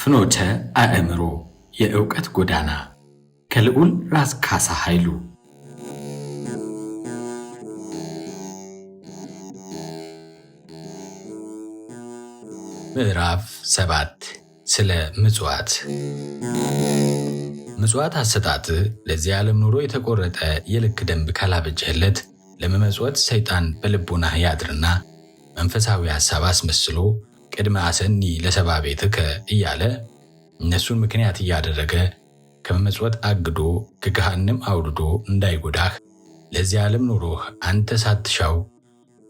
ፍኖተ አእምሮ የእውቀት ጎዳና ከልዑል ራስ ካሳ ኃይሉ ምዕራፍ ሰባት ስለ ምጽዋት ምጽዋት አሰጣጥ ለዚህ ዓለም ኑሮ የተቆረጠ የልክ ደንብ ካላበጀለት ለመመጽወት ሰይጣን በልቡና ያድርና መንፈሳዊ ሐሳብ አስመስሎ ቅድመ አሰኒ ለሰባ ቤትከ እያለ እነሱን ምክንያት እያደረገ ከመመጽወት አግዶ ከገሃንም አውድዶ እንዳይጎዳህ ለዚህ ዓለም ኑሮህ አንተ ሳትሻው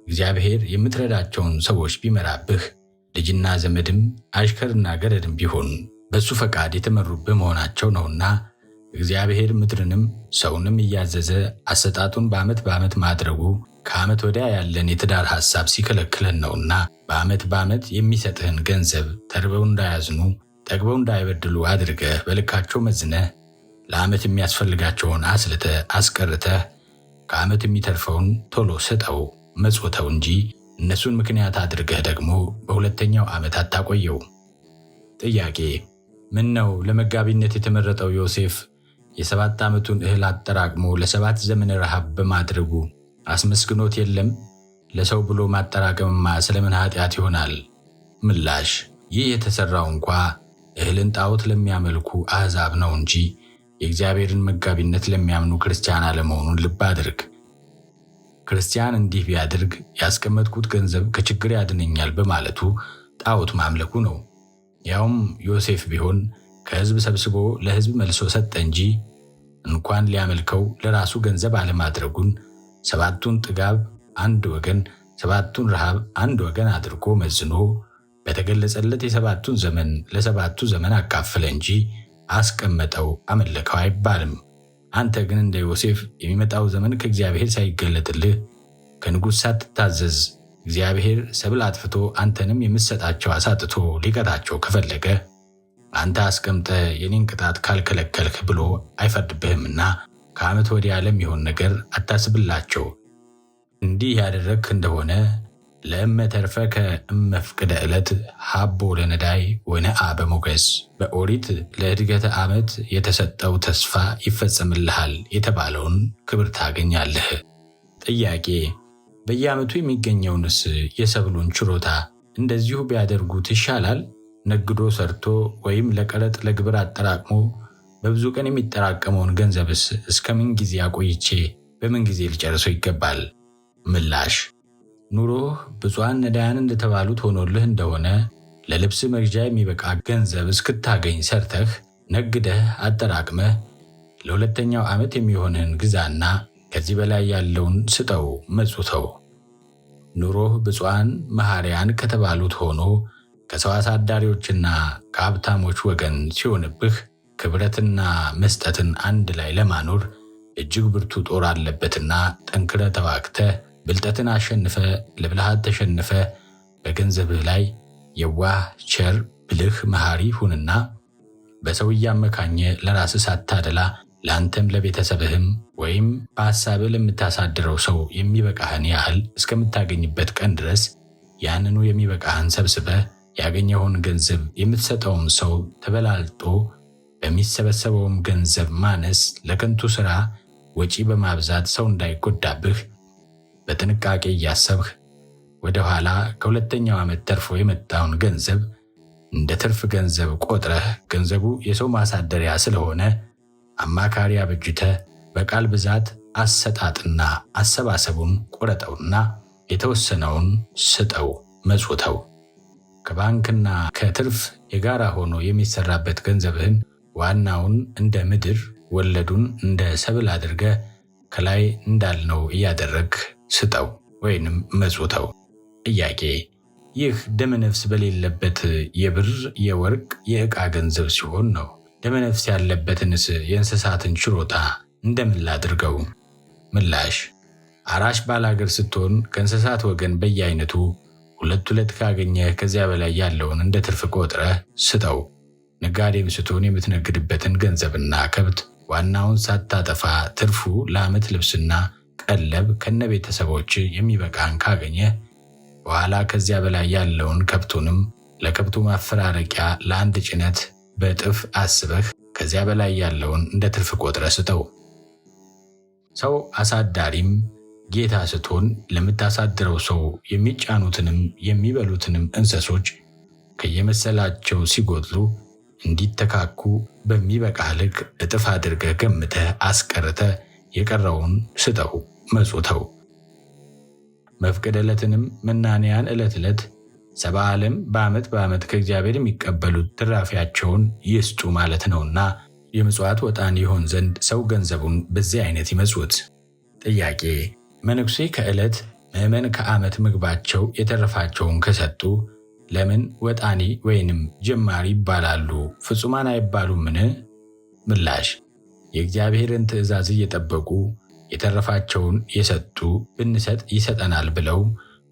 እግዚአብሔር የምትረዳቸውን ሰዎች ቢመራብህ ልጅና ዘመድም አሽከርና ገረድም ቢሆን በሱ ፈቃድ የተመሩብህ መሆናቸው ነውና እግዚአብሔር ምድርንም ሰውንም እያዘዘ አሰጣጡን በዓመት በዓመት ማድረጉ ከዓመት ወዲያ ያለን የትዳር ሐሳብ ሲከለክለን ነውና በዓመት በዓመት የሚሰጥህን ገንዘብ ተርበው እንዳያዝኑ ጠግበው እንዳይበድሉ አድርገህ በልካቸው መዝነህ ለዓመት የሚያስፈልጋቸውን አስልተ አስቀርተህ ከዓመት የሚተርፈውን ቶሎ ስጠው መጽወተው እንጂ እነሱን ምክንያት አድርገህ ደግሞ በሁለተኛው ዓመት አታቆየው። ጥያቄ ምን ነው ለመጋቢነት የተመረጠው ዮሴፍ የሰባት ዓመቱን እህል አጠራቅሞ ለሰባት ዘመን ረሃብ በማድረጉ አስመስግኖት የለም? ለሰው ብሎ ማጠራቀምማ ስለምን ኃጢአት ይሆናል? ምላሽ ይህ የተሠራው እንኳ እህልን ጣዖት ለሚያመልኩ አሕዛብ ነው እንጂ የእግዚአብሔርን መጋቢነት ለሚያምኑ ክርስቲያን አለመሆኑን ልብ አድርግ። ክርስቲያን እንዲህ ቢያደርግ ያስቀመጥኩት ገንዘብ ከችግር ያድነኛል በማለቱ ጣዖት ማምለኩ ነው። ያውም ዮሴፍ ቢሆን ከህዝብ ሰብስቦ ለህዝብ መልሶ ሰጠ እንጂ እንኳን ሊያመልከው ለራሱ ገንዘብ አለማድረጉን ሰባቱን ጥጋብ አንድ ወገን፣ ሰባቱን ረሃብ አንድ ወገን አድርጎ መዝኖ በተገለጸለት የሰባቱን ዘመን ለሰባቱ ዘመን አካፈለ እንጂ አስቀመጠው፣ አመለከው አይባልም። አንተ ግን እንደ ዮሴፍ የሚመጣው ዘመን ከእግዚአብሔር ሳይገለጥልህ ከንጉሥ ሳትታዘዝ እግዚአብሔር ሰብል አጥፍቶ አንተንም የምትሰጣቸው አሳጥቶ ሊቀጣቸው ከፈለገ አንተ አስቀምጠ የኔን ቅጣት ካልከለከልህ ብሎ አይፈርድብህምና ከዓመት ወዲህ ዓለም የሆን ነገር አታስብላቸው። እንዲህ ያደረግህ እንደሆነ ለእመ ተርፈከ እመፍቅደ ዕለት ሀቦ ለነዳይ ወነአ በሞገስ በኦሪት ለእድገተ ዓመት የተሰጠው ተስፋ ይፈጸምልሃል የተባለውን ክብር ታገኛለህ። ጥያቄ በየዓመቱ የሚገኘውንስ የሰብሉን ችሮታ እንደዚሁ ቢያደርጉት ይሻላል? ነግዶ ሰርቶ ወይም ለቀረጥ ለግብር አጠራቅሞ በብዙ ቀን የሚጠራቀመውን ገንዘብስ እስከ ምን ጊዜ አቆይቼ በምን ጊዜ ሊጨርሰው ይገባል? ምላሽ ኑሮህ ብፁዓን ነዳያን እንደተባሉት ሆኖልህ እንደሆነ ለልብስ መግዣ የሚበቃ ገንዘብ እስክታገኝ ሰርተህ ነግደህ አጠራቅመህ ለሁለተኛው ዓመት የሚሆንህን ግዛና ከዚህ በላይ ያለውን ስጠው መጹተው። ኑሮህ ብፁዓን መሐርያን ከተባሉት ሆኖ ከሰው አሳዳሪዎችና ከሀብታሞች ወገን ሲሆንብህ ክብረትና መስጠትን አንድ ላይ ለማኖር እጅግ ብርቱ ጦር አለበትና ጠንክረ ተዋግተ ብልጠትን አሸንፈ ለብልሃት ተሸንፈ በገንዘብህ ላይ የዋህ ቸር ብልህ መሐሪ ሁንና በሰው እያመካኘ ለራስ ሳታደላ ለአንተም ለቤተሰብህም ወይም በሐሳብህ ለምታሳድረው ሰው የሚበቃህን ያህል እስከምታገኝበት ቀን ድረስ ያንኑ የሚበቃህን ሰብስበህ ያገኘውን ገንዘብ የምትሰጠውም ሰው ተበላልጦ በሚሰበሰበውም ገንዘብ ማነስ ለከንቱ ሥራ ወጪ በማብዛት ሰው እንዳይጎዳብህ በጥንቃቄ እያሰብህ ወደ ኋላ ከሁለተኛው ዓመት ተርፎ የመጣውን ገንዘብ እንደ ትርፍ ገንዘብ ቆጥረህ ገንዘቡ የሰው ማሳደሪያ ስለሆነ አማካሪ አበጅተ በቃል ብዛት አሰጣጥና አሰባሰቡን ቆረጠውና የተወሰነውን ስጠው መጽውተው ከባንክና ከትርፍ የጋራ ሆኖ የሚሰራበት ገንዘብህን ዋናውን እንደ ምድር ወለዱን እንደ ሰብል አድርገ ከላይ እንዳልነው እያደረግ ስጠው ወይንም መጹተው። ጥያቄ ይህ ደመነፍስ በሌለበት የብር የወርቅ የዕቃ ገንዘብ ሲሆን ነው። ደመነፍስ ያለበትንስ የእንስሳትን ችሮታ እንደምን ላድርገው? ምላሽ አራሽ ባላገር ስትሆን ከእንስሳት ወገን በየአይነቱ ሁለት ሁለት ካገኘህ ከዚያ በላይ ያለውን እንደ ትርፍ ቆጥረህ ስጠው። ነጋዴም ስትሆን የምትነግድበትን ገንዘብና ከብት ዋናውን ሳታጠፋ ትርፉ ለዓመት ልብስና ቀለብ ከነ ቤተሰቦች የሚበቃን ካገኘህ በኋላ ከዚያ በላይ ያለውን ከብቱንም ለከብቱ ማፈራረቂያ ለአንድ ጭነት በእጥፍ አስበህ ከዚያ በላይ ያለውን እንደ ትርፍ ቆጥረህ ስጠው። ሰው አሳዳሪም ጌታ ስትሆን ለምታሳድረው ሰው የሚጫኑትንም የሚበሉትንም እንስሶች ከየመሰላቸው ሲጎድሉ እንዲተካኩ በሚበቃ ልክ እጥፍ አድርገ ገምተ አስቀርተ የቀረውን ስጠው መጹተው። መፍቀድ ዕለትንም መናንያን ዕለት ዕለት ሰባ ዓለም በዓመት በዓመት ከእግዚአብሔር የሚቀበሉት ትራፊያቸውን ይስጡ ማለት ነውና የምጽዋት ወጣን ይሆን ዘንድ ሰው ገንዘቡን በዚህ አይነት ይመጹት። ጥያቄ መነኩሴ ከዕለት ምዕመን ከዓመት ምግባቸው የተረፋቸውን ከሰጡ ለምን ወጣኒ ወይንም ጀማሪ ይባላሉ? ፍጹማን አይባሉምን? ምላሽ የእግዚአብሔርን ትእዛዝ እየጠበቁ የተረፋቸውን የሰጡ ብንሰጥ ይሰጠናል ብለው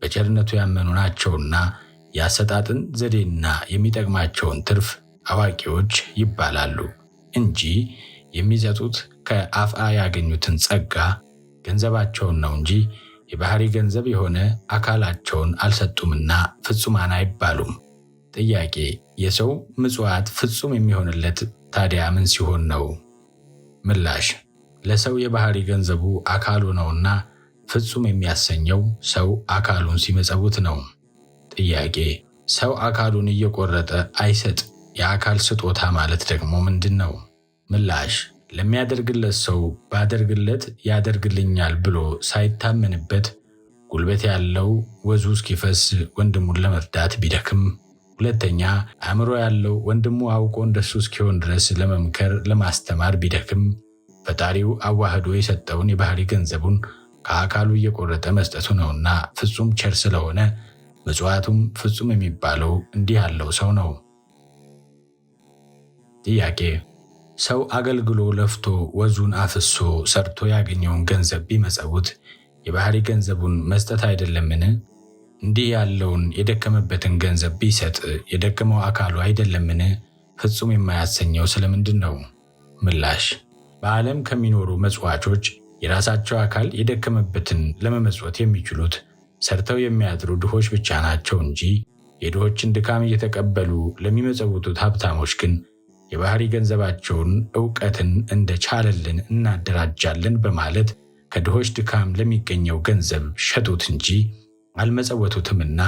በቸርነቱ ያመኑ ናቸውና የአሰጣጥን ዘዴና የሚጠቅማቸውን ትርፍ አዋቂዎች ይባላሉ እንጂ የሚሰጡት ከአፍአ ያገኙትን ጸጋ ገንዘባቸውን ነው እንጂ የባህሪ ገንዘብ የሆነ አካላቸውን አልሰጡምና ፍጹማን አይባሉም። ጥያቄ የሰው ምጽዋት ፍጹም የሚሆንለት ታዲያ ምን ሲሆን ነው? ምላሽ ለሰው የባህሪ ገንዘቡ አካሉ ነውና ፍጹም የሚያሰኘው ሰው አካሉን ሲመጸውት ነው። ጥያቄ ሰው አካሉን እየቆረጠ አይሰጥ። የአካል ስጦታ ማለት ደግሞ ምንድን ነው? ምላሽ ለሚያደርግለት ሰው ባደርግለት ያደርግልኛል ብሎ ሳይታመንበት ጉልበት ያለው ወዙ እስኪፈስ ወንድሙን ለመርዳት ቢደክም፣ ሁለተኛ አእምሮ ያለው ወንድሙ አውቆ እንደሱ እስኪሆን ድረስ ለመምከር ለማስተማር ቢደክም፣ ፈጣሪው አዋህዶ የሰጠውን የባህሪ ገንዘቡን ከአካሉ እየቆረጠ መስጠቱ ነውና ፍጹም ቸር ስለሆነ ምጽዋቱም ፍጹም የሚባለው እንዲህ ያለው ሰው ነው። ጥያቄ ሰው አገልግሎ ለፍቶ ወዙን አፍሶ ሰርቶ ያገኘውን ገንዘብ ቢመጸውት የባህሪ ገንዘቡን መስጠት አይደለምን? እንዲህ ያለውን የደከመበትን ገንዘብ ቢሰጥ የደከመው አካሉ አይደለምን? ፍጹም የማያሰኘው ስለምንድን ነው? ምላሽ በዓለም ከሚኖሩ መጽዋቾች የራሳቸው አካል የደከመበትን ለመመጽወት የሚችሉት ሰርተው የሚያጥሩ ድሆች ብቻ ናቸው እንጂ የድሆችን ድካም እየተቀበሉ ለሚመጸውቱት ሀብታሞች ግን የባህሪ ገንዘባቸውን እውቀትን እንደቻለልን እናደራጃለን በማለት ከድሆች ድካም ለሚገኘው ገንዘብ ሸጡት እንጂ አልመጸወቱትምና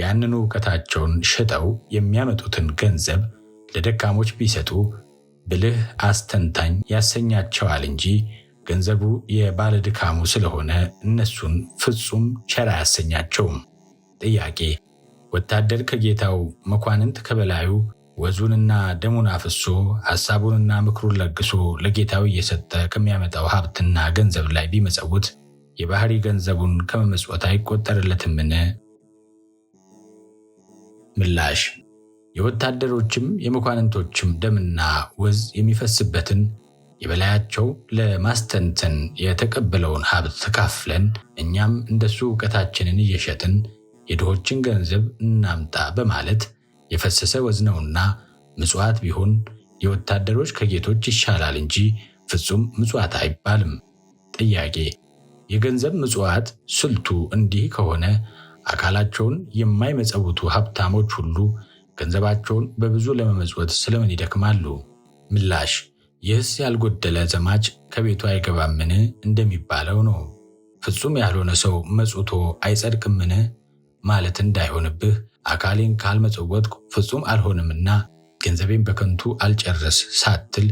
ያንኑ እውቀታቸውን ሸጠው የሚያመጡትን ገንዘብ ለደካሞች ቢሰጡ ብልህ አስተንታኝ ያሰኛቸዋል እንጂ ገንዘቡ የባለ ድካሙ ስለሆነ እነሱን ፍጹም ቸር አያሰኛቸውም። ጥያቄ ወታደር ከጌታው መኳንንት ከበላዩ ወዙንና ደሙን አፍሶ ሐሳቡንና ምክሩን ለግሶ ለጌታው እየሰጠ ከሚያመጣው ሀብትና ገንዘብ ላይ ቢመጸውት የባህሪ ገንዘቡን ከመመጽወት አይቆጠርለትምን? ምላሽ የወታደሮችም የመኳንንቶችም ደምና ወዝ የሚፈስበትን የበላያቸው ለማስተንተን የተቀበለውን ሀብት ተካፍለን እኛም እንደሱ ዕውቀታችንን እየሸጥን የድሆችን ገንዘብ እናምጣ በማለት የፈሰሰ ወዝ ነውና ምጽዋት ቢሆን የወታደሮች ከጌቶች ይሻላል እንጂ ፍጹም ምጽዋት አይባልም። ጥያቄ የገንዘብ ምጽዋት ስልቱ እንዲህ ከሆነ አካላቸውን የማይመጸውቱ ሀብታሞች ሁሉ ገንዘባቸውን በብዙ ለመመጽወት ስለምን ይደክማሉ? ምላሽ ይህስ ያልጎደለ ዘማች ከቤቱ አይገባምን እንደሚባለው ነው። ፍጹም ያልሆነ ሰው መጽውቶ አይጸድቅምን ማለት እንዳይሆንብህ አካሌን ካልመጸወትኩ ፍጹም አልሆንምና ገንዘቤን በከንቱ አልጨረስ ሳትል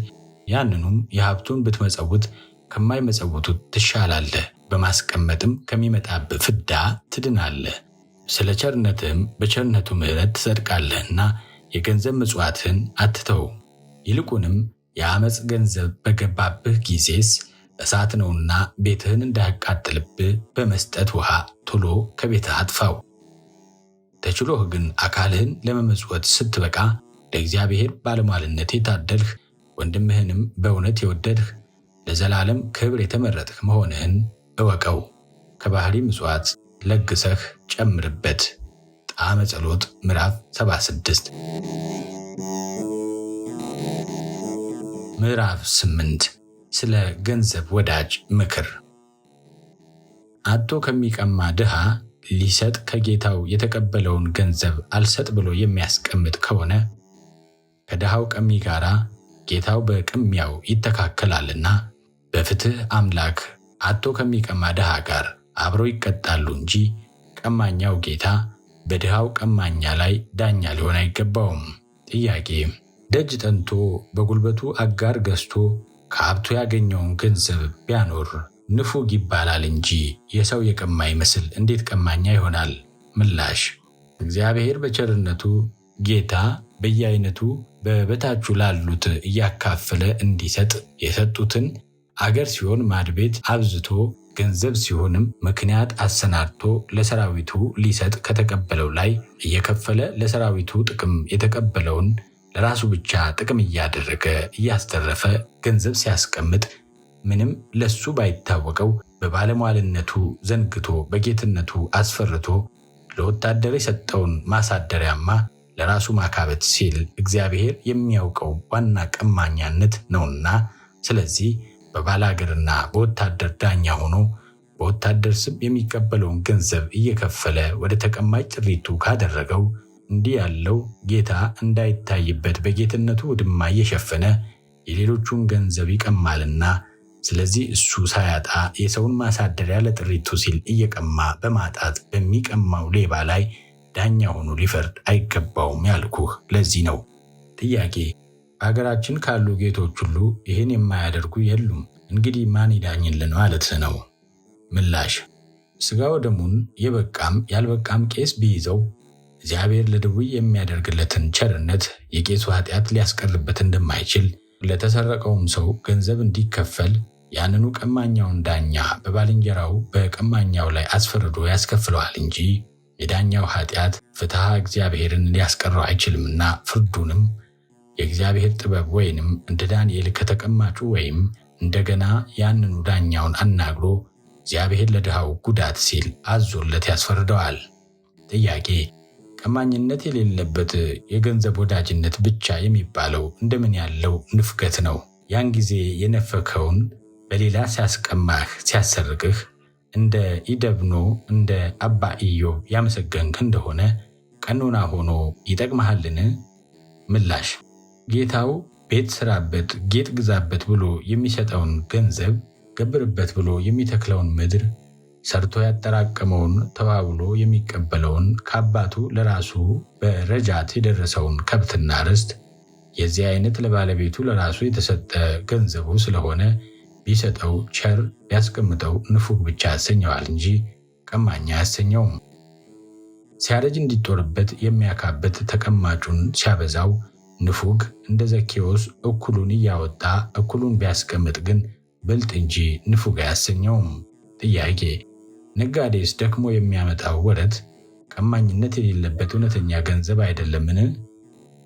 ያንኑም የሀብቱን ብትመጸውት ከማይመጸውቱት ትሻላለህ፣ በማስቀመጥም ከሚመጣብህ ፍዳ ትድናለህ። ስለ ቸርነትህም በቸርነቱ ምሕረት ትጸድቃለህና የገንዘብ ምጽዋትህን አትተው። ይልቁንም የአመፅ ገንዘብ በገባብህ ጊዜስ እሳት ነውና ቤትህን እንዳያቃጥልብህ በመስጠት ውሃ ቶሎ ከቤትህ አጥፋው። ተችሎህ ግን አካልህን ለመመጽወት ስትበቃ ለእግዚአብሔር ባለሟልነት የታደልህ ወንድምህንም በእውነት የወደድህ ለዘላለም ክብር የተመረጥህ መሆንህን እወቀው። ከባህሪ ምጽዋት ለግሰህ ጨምርበት። ጣመ ጸሎት ምዕራፍ 76 ምዕራፍ 8 ስለ ገንዘብ ወዳጅ ምክር አቶ ከሚቀማ ድሃ ሊሰጥ ከጌታው የተቀበለውን ገንዘብ አልሰጥ ብሎ የሚያስቀምጥ ከሆነ ከድሃው ቀሚ ጋር ጌታው በቅሚያው ይተካከላልና በፍትህ አምላክ አቶ ከሚቀማ ድሃ ጋር አብረው ይቀጣሉ እንጂ ቀማኛው ጌታ በድሃው ቀማኛ ላይ ዳኛ ሊሆን አይገባውም። ጥያቄ ደጅ ጠንቶ በጉልበቱ አጋር ገዝቶ ከሀብቱ ያገኘውን ገንዘብ ቢያኖር ንፉግ ይባላል እንጂ የሰው የቀማ ምስል እንዴት ቀማኛ ይሆናል? ምላሽ እግዚአብሔር በቸርነቱ ጌታ በየአይነቱ በበታቹ ላሉት እያካፈለ እንዲሰጥ የሰጡትን አገር ሲሆን ማድቤት አብዝቶ ገንዘብ ሲሆንም ምክንያት አሰናድቶ ለሰራዊቱ ሊሰጥ ከተቀበለው ላይ እየከፈለ ለሰራዊቱ ጥቅም የተቀበለውን ለራሱ ብቻ ጥቅም እያደረገ እያስተረፈ ገንዘብ ሲያስቀምጥ ምንም ለሱ ባይታወቀው በባለሟልነቱ ዘንግቶ በጌትነቱ አስፈርቶ ለወታደር የሰጠውን ማሳደሪያማ ለራሱ ማካበት ሲል እግዚአብሔር የሚያውቀው ዋና ቀማኛነት ነውና፣ ስለዚህ በባላገርና በወታደር ዳኛ ሆኖ በወታደር ስም የሚቀበለውን ገንዘብ እየከፈለ ወደ ተቀማጭ ጥሪቱ ካደረገው እንዲህ ያለው ጌታ እንዳይታይበት በጌትነቱ ውድማ እየሸፈነ የሌሎቹን ገንዘብ ይቀማልና ስለዚህ እሱ ሳያጣ የሰውን ማሳደሪያ ለጥሪቱ ሲል እየቀማ በማጣት በሚቀማው ሌባ ላይ ዳኛ ሆኖ ሊፈርድ አይገባውም ያልኩህ ለዚህ ነው። ጥያቄ በሀገራችን ካሉ ጌቶች ሁሉ ይህን የማያደርጉ የሉም። እንግዲህ ማን ይዳኝልን ማለት ነው? ምላሽ ስጋ ወደሙን የበቃም ያልበቃም ቄስ ቢይዘው እግዚአብሔር ለድውይ የሚያደርግለትን ቸርነት የቄሱ ኃጢአት ሊያስቀርበት እንደማይችል ለተሰረቀውም ሰው ገንዘብ እንዲከፈል ያንኑ ቀማኛውን ዳኛ በባልንጀራው በቀማኛው ላይ አስፈርዶ ያስከፍለዋል እንጂ የዳኛው ኃጢአት ፍትሐ እግዚአብሔርን ሊያስቀረው አይችልምና ፍርዱንም የእግዚአብሔር ጥበብ ወይንም እንደ ዳንኤል ከተቀማጩ ወይም እንደገና ያንኑ ዳኛውን አናግሮ እግዚአብሔር ለድሃው ጉዳት ሲል አዞለት ያስፈርደዋል። ጥያቄ ቀማኝነት የሌለበት የገንዘብ ወዳጅነት ብቻ የሚባለው እንደምን ያለው ንፍገት ነው? ያን ጊዜ የነፈከውን በሌላ ሲያስቀማህ ሲያሰርግህ እንደ ኢደብኖ እንደ አባ ኢዮብ ያመሰገንክ እንደሆነ ቀኖና ሆኖ ይጠቅመሃልን? ምላሽ ጌታው ቤት ስራበት፣ ጌጥ ግዛበት ብሎ የሚሰጠውን ገንዘብ ገብርበት ብሎ የሚተክለውን ምድር ሰርቶ ያጠራቀመውን ተባብሎ የሚቀበለውን ከአባቱ ለራሱ በረጃት የደረሰውን ከብትና ርስት የዚህ አይነት ለባለቤቱ ለራሱ የተሰጠ ገንዘቡ ስለሆነ ቢሰጠው ቸር ቢያስቀምጠው ንፉግ ብቻ ያሰኘዋል እንጂ ቀማኛ አያሰኘውም። ሲያረጅ እንዲጦርበት የሚያካበት ተቀማጩን ሲያበዛው ንፉግ እንደ ዘኬዎስ እኩሉን እያወጣ እኩሉን ቢያስቀምጥ ግን ብልጥ እንጂ ንፉግ አያሰኘውም። ጥያቄ፣ ነጋዴስ ደክሞ የሚያመጣው ወረት ቀማኝነት የሌለበት እውነተኛ ገንዘብ አይደለምን?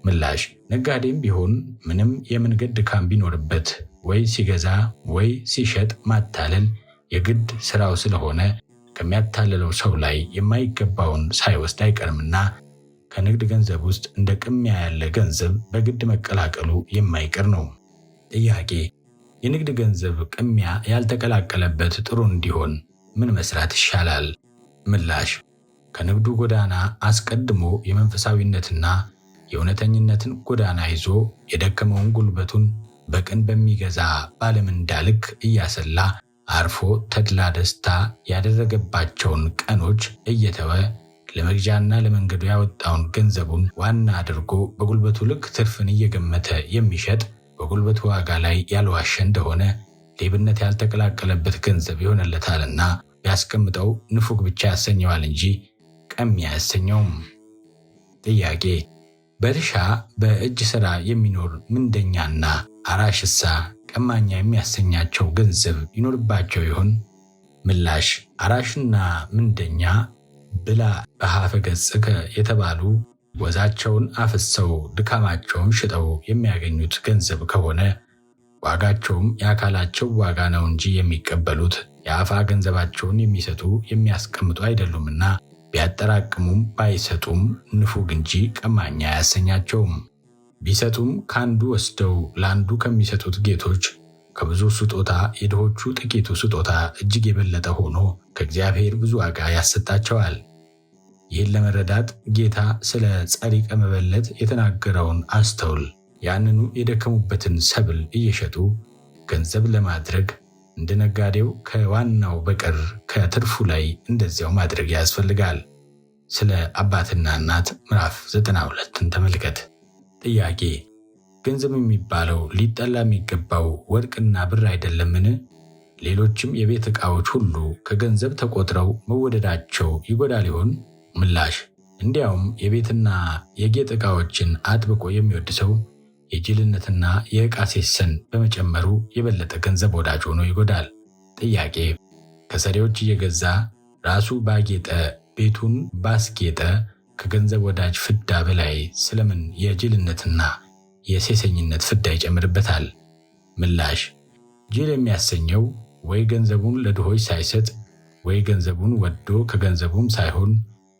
ምላሽ ነጋዴም ቢሆን ምንም የመንገድ ድካም ቢኖርበት ወይ ሲገዛ ወይ ሲሸጥ ማታለል የግድ ስራው ስለሆነ ከሚያታልለው ሰው ላይ የማይገባውን ሳይወስድ አይቀርምና ከንግድ ገንዘብ ውስጥ እንደ ቅሚያ ያለ ገንዘብ በግድ መቀላቀሉ የማይቀር ነው። ጥያቄ የንግድ ገንዘብ ቅሚያ ያልተቀላቀለበት ጥሩ እንዲሆን ምን መስራት ይሻላል? ምላሽ ከንግዱ ጎዳና አስቀድሞ የመንፈሳዊነትና የእውነተኝነትን ጎዳና ይዞ የደከመውን ጉልበቱን በቅን በሚገዛ ባለምንዳ ልክ እያሰላ አርፎ ተድላ ደስታ ያደረገባቸውን ቀኖች እየተወ ለመግዣና ለመንገዱ ያወጣውን ገንዘቡን ዋና አድርጎ በጉልበቱ ልክ ትርፍን እየገመተ የሚሸጥ በጉልበቱ ዋጋ ላይ ያልዋሸ እንደሆነ ሌብነት ያልተቀላቀለበት ገንዘብ ይሆንለታልና ቢያስቀምጠው ንፉግ ብቻ ያሰኘዋል እንጂ ቀሚ አያሰኘውም። ጥያቄ በእርሻ በእጅ ሥራ የሚኖር ምንደኛና አራሽሳ ቀማኛ የሚያሰኛቸው ገንዘብ ይኖርባቸው ይሆን? ምላሽ አራሽና ምንደኛ ብላ በሀፈ ገጽከ የተባሉ ወዛቸውን አፍሰው ድካማቸውን ሽጠው የሚያገኙት ገንዘብ ከሆነ ዋጋቸውም የአካላቸው ዋጋ ነው እንጂ የሚቀበሉት የአፋ ገንዘባቸውን የሚሰጡ የሚያስቀምጡ አይደሉምና ቢያጠራቅሙም ባይሰጡም ንፉግ እንጂ ቀማኛ አያሰኛቸውም። ቢሰጡም ከአንዱ ወስደው ለአንዱ ከሚሰጡት ጌቶች ከብዙ ስጦታ የድሆቹ ጥቂቱ ስጦታ እጅግ የበለጠ ሆኖ ከእግዚአብሔር ብዙ ዋጋ ያሰጣቸዋል። ይህን ለመረዳት ጌታ ስለ ጸሪቀ መበለት የተናገረውን አስተውል። ያንኑ የደከሙበትን ሰብል እየሸጡ ገንዘብ ለማድረግ እንደ ነጋዴው ከዋናው በቀር ከትርፉ ላይ እንደዚያው ማድረግ ያስፈልጋል። ስለ አባትና እናት ምዕራፍ 92ን ተመልከት። ጥያቄ ገንዘብ የሚባለው ሊጠላ የሚገባው ወርቅና ብር አይደለምን? ሌሎችም የቤት ዕቃዎች ሁሉ ከገንዘብ ተቆጥረው መወደዳቸው ይጎዳል ይሆን? ምላሽ እንዲያውም የቤትና የጌጥ ዕቃዎችን አጥብቆ የሚወድ ሰው የጅልነትና የዕቃ ሴሰን በመጨመሩ የበለጠ ገንዘብ ወዳጅ ሆኖ ይጎዳል። ጥያቄ ከሰሪዎች እየገዛ ራሱ ባጌጠ ቤቱን ባስጌጠ ከገንዘብ ወዳጅ ፍዳ በላይ ስለምን የጅልነትና የሴሰኝነት ፍዳ ይጨምርበታል? ምላሽ ጅል የሚያሰኘው ወይ ገንዘቡን ለድሆች ሳይሰጥ ወይ ገንዘቡን ወዶ ከገንዘቡም ሳይሆን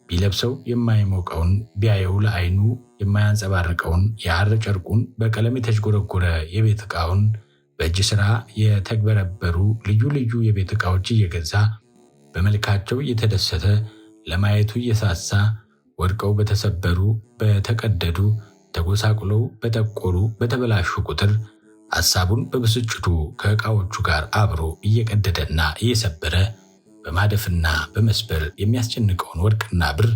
ቢለብሰው የማይሞቀውን ቢያየው ለዓይኑ የማያንጸባርቀውን የሐር ጨርቁን፣ በቀለም የተዥጎረጎረ የቤት ዕቃውን፣ በእጅ ሥራ የተግበረበሩ ልዩ ልዩ የቤት ዕቃዎች እየገዛ በመልካቸው እየተደሰተ ለማየቱ እየሳሳ ወድቀው በተሰበሩ፣ በተቀደዱ፣ ተጎሳቁለው በጠቆሩ፣ በተበላሹ ቁጥር ሐሳቡን በብስጭቱ ከዕቃዎቹ ጋር አብሮ እየቀደደና እየሰበረ በማደፍና በመስበር የሚያስጨንቀውን ወርቅና ብር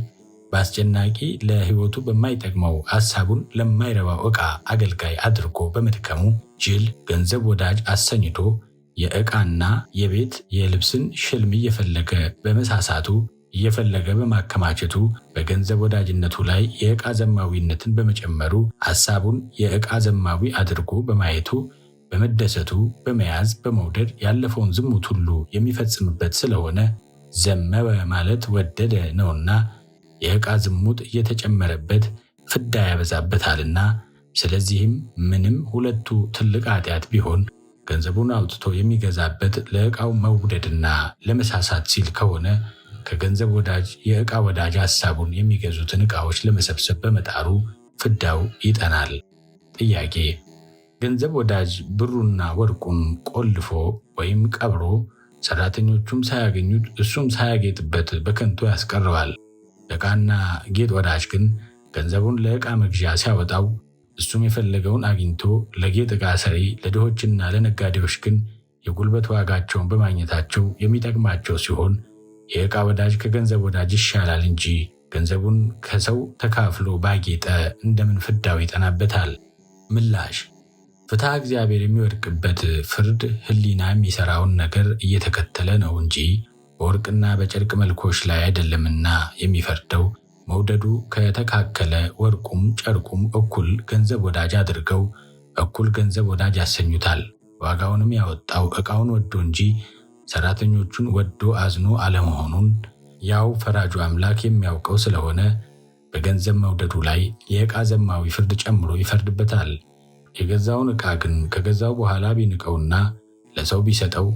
በአስጨናቂ ለህይወቱ በማይጠቅመው ሀሳቡን ለማይረባው ዕቃ አገልጋይ አድርጎ በመድከሙ ጅል ገንዘብ ወዳጅ አሰኝቶ የዕቃና የቤት የልብስን ሽልም እየፈለገ በመሳሳቱ እየፈለገ በማከማቸቱ በገንዘብ ወዳጅነቱ ላይ የዕቃ ዘማዊነትን በመጨመሩ ሀሳቡን የዕቃ ዘማዊ አድርጎ በማየቱ በመደሰቱ በመያዝ በመውደድ ያለፈውን ዝሙት ሁሉ የሚፈጽምበት ስለሆነ ዘመበ ማለት ወደደ ነውና የዕቃ ዝሙት እየተጨመረበት ፍዳ ያበዛበታልና፣ ስለዚህም ምንም ሁለቱ ትልቅ ኃጢአት ቢሆን ገንዘቡን አውጥቶ የሚገዛበት ለዕቃው መውደድና ለመሳሳት ሲል ከሆነ ከገንዘብ ወዳጅ የዕቃ ወዳጅ ሐሳቡን የሚገዙትን ዕቃዎች ለመሰብሰብ በመጣሩ ፍዳው ይጠናል። ጥያቄ ገንዘብ ወዳጅ ብሩና ወርቁን ቆልፎ ወይም ቀብሮ ሰራተኞቹም ሳያገኙት እሱም ሳያጌጥበት በከንቱ ያስቀረዋል። ለዕቃና ጌጥ ወዳጅ ግን ገንዘቡን ለዕቃ መግዣ ሲያወጣው እሱም የፈለገውን አግኝቶ ለጌጥ ዕቃ ሰሪ ለድሆችና ለነጋዴዎች ግን የጉልበት ዋጋቸውን በማግኘታቸው የሚጠቅማቸው ሲሆን የዕቃ ወዳጅ ከገንዘብ ወዳጅ ይሻላል እንጂ ገንዘቡን ከሰው ተካፍሎ ባጌጠ እንደምን ፍዳው ይጠናበታል? ምላሽ ፍትሐ እግዚአብሔር የሚወድቅበት ፍርድ ህሊና የሚሠራውን ነገር እየተከተለ ነው እንጂ በወርቅና በጨርቅ መልኮች ላይ አይደለምና የሚፈርደው መውደዱ ከተካከለ ወርቁም ጨርቁም እኩል ገንዘብ ወዳጅ አድርገው እኩል ገንዘብ ወዳጅ ያሰኙታል። ዋጋውንም ያወጣው ዕቃውን ወዶ እንጂ ሰራተኞቹን ወዶ አዝኖ አለመሆኑን ያው ፈራጁ አምላክ የሚያውቀው ስለሆነ በገንዘብ መውደዱ ላይ የዕቃ ዘማዊ ፍርድ ጨምሮ ይፈርድበታል። የገዛውን ዕቃ ግን ከገዛው በኋላ ቢንቀውና ለሰው ቢሰጠው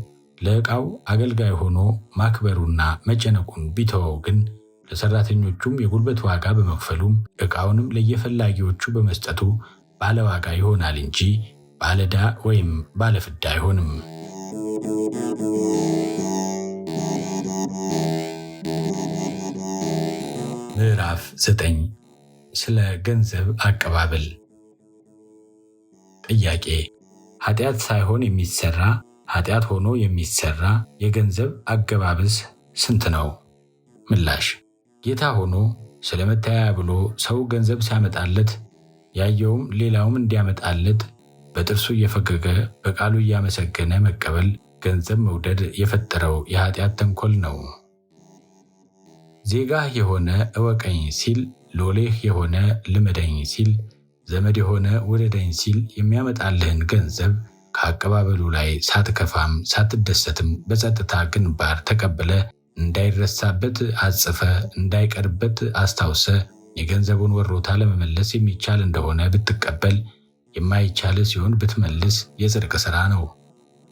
ለዕቃው አገልጋይ ሆኖ ማክበሩና መጨነቁን ቢተወው ግን ለሰራተኞቹም የጉልበት ዋጋ በመክፈሉም ዕቃውንም ለየፈላጊዎቹ በመስጠቱ ባለዋጋ ይሆናል እንጂ ባለዕዳ ወይም ባለፍዳ አይሆንም። ምዕራፍ 9 ስለ ገንዘብ አቀባበል ጥያቄ ኃጢአት ሳይሆን የሚሰራ ኃጢአት ሆኖ የሚሰራ የገንዘብ አገባበስ ስንት ነው? ምላሽ ጌታ ሆኖ ስለ ብሎ ሰው ገንዘብ ሲያመጣለት ያየውም ሌላውም እንዲያመጣለት በጥርሱ እየፈገገ በቃሉ እያመሰገነ መቀበል ገንዘብ መውደድ የፈጠረው የኃጢአት ተንኮል ነው። ዜጋህ የሆነ እወቀኝ ሲል፣ ሎሌህ የሆነ ልመደኝ ሲል፣ ዘመድ የሆነ ውደደኝ ሲል የሚያመጣልህን ገንዘብ ከአቀባበሉ ላይ ሳትከፋም ሳትደሰትም በጸጥታ ግንባር ተቀብለ እንዳይረሳበት አጽፈ እንዳይቀርበት አስታውሰ የገንዘቡን ወሮታ ለመመለስ የሚቻል እንደሆነ ብትቀበል የማይቻል ሲሆን ብትመልስ የጽድቅ ሥራ ነው።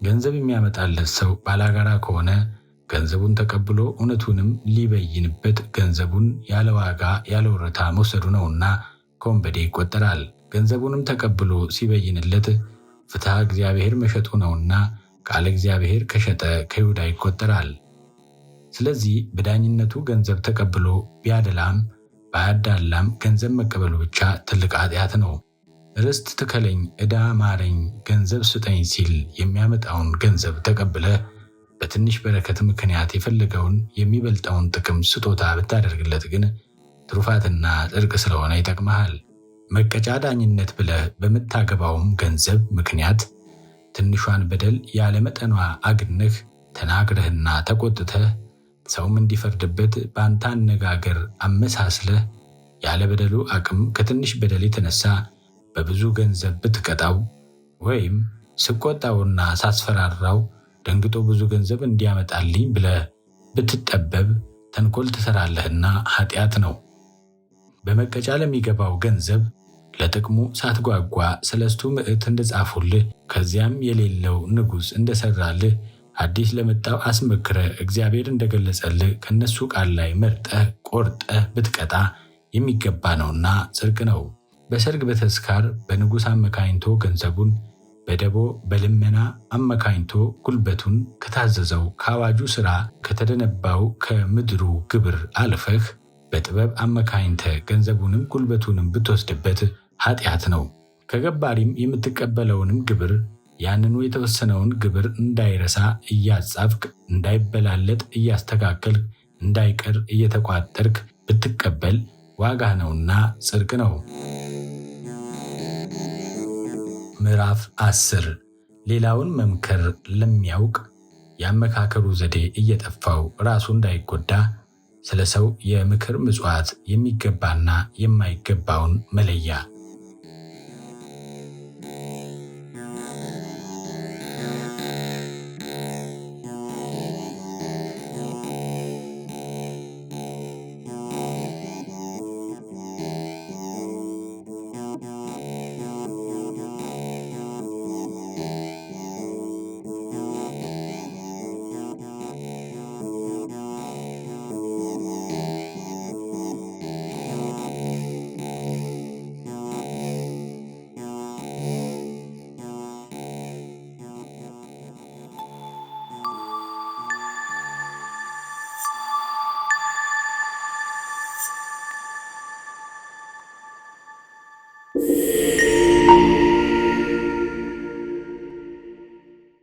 ገንዘብ የሚያመጣለት ሰው ባላጋራ ከሆነ ገንዘቡን ተቀብሎ እውነቱንም ሊበይንበት ገንዘቡን ያለ ዋጋ ያለ ወረታ መውሰዱ ነውና ከወንበዴ ይቆጠራል። ገንዘቡንም ተቀብሎ ሲበይንለት ፍትሐ እግዚአብሔር መሸጡ ነውና ቃል እግዚአብሔር ከሸጠ ከይሁዳ ይቆጠራል። ስለዚህ በዳኝነቱ ገንዘብ ተቀብሎ ቢያደላም ባያዳላም ገንዘብ መቀበሉ ብቻ ትልቅ ኃጢአት ነው። ርስት ትከለኝ፣ ዕዳ ማረኝ፣ ገንዘብ ስጠኝ ሲል የሚያመጣውን ገንዘብ ተቀብለ በትንሽ በረከት ምክንያት የፈለገውን የሚበልጠውን ጥቅም ስጦታ ብታደርግለት ግን ትሩፋትና ጽድቅ ስለሆነ ይጠቅመሃል። መቀጫ ዳኝነት ብለህ በምታገባውም ገንዘብ ምክንያት ትንሿን በደል ያለመጠኗ አግንህ ተናግረህና ተቆጥተህ ሰውም እንዲፈርድበት በአንተ አነጋገር አመሳስለህ ያለ በደሉ አቅም ከትንሽ በደል የተነሳ በብዙ ገንዘብ ብትቀጣው ወይም ስቆጣውና ሳስፈራራው ደንግጦ ብዙ ገንዘብ እንዲያመጣልኝ ብለህ ብትጠበብ ተንኮል ትሰራለህና ኃጢአት ነው። በመቀጫ ለሚገባው ገንዘብ ለጥቅሙ ሳትጓጓ ሰለስቱ ምዕት እንደጻፉልህ ከዚያም የሌለው ንጉሥ እንደሰራልህ አዲስ ለመጣው አስመክረ እግዚአብሔር እንደገለጸልህ ከእነሱ ቃል ላይ መርጠህ ቆርጠህ ብትቀጣ የሚገባ ነውና ጽድቅ ነው። በሰርግ በተስካር በንጉሥ አመካኝቶ ገንዘቡን በደቦ በልመና አመካኝቶ ጉልበቱን ከታዘዘው ከአዋጁ ሥራ ከተደነባው ከምድሩ ግብር አልፈህ በጥበብ አመካኝተ ገንዘቡንም ጉልበቱንም ብትወስድበት ኃጢአት ነው። ከገባሪም የምትቀበለውንም ግብር ያንኑ የተወሰነውን ግብር እንዳይረሳ እያጻፍክ፣ እንዳይበላለጥ እያስተካከልክ፣ እንዳይቀር እየተቋጠርክ ብትቀበል ዋጋ ነውና ጽድቅ ነው። ምዕራፍ አስር ሌላውን መምከር ለሚያውቅ የአመካከሩ ዘዴ እየጠፋው ራሱ እንዳይጎዳ ስለ ሰው የምክር ምጽዋት የሚገባና የማይገባውን መለያ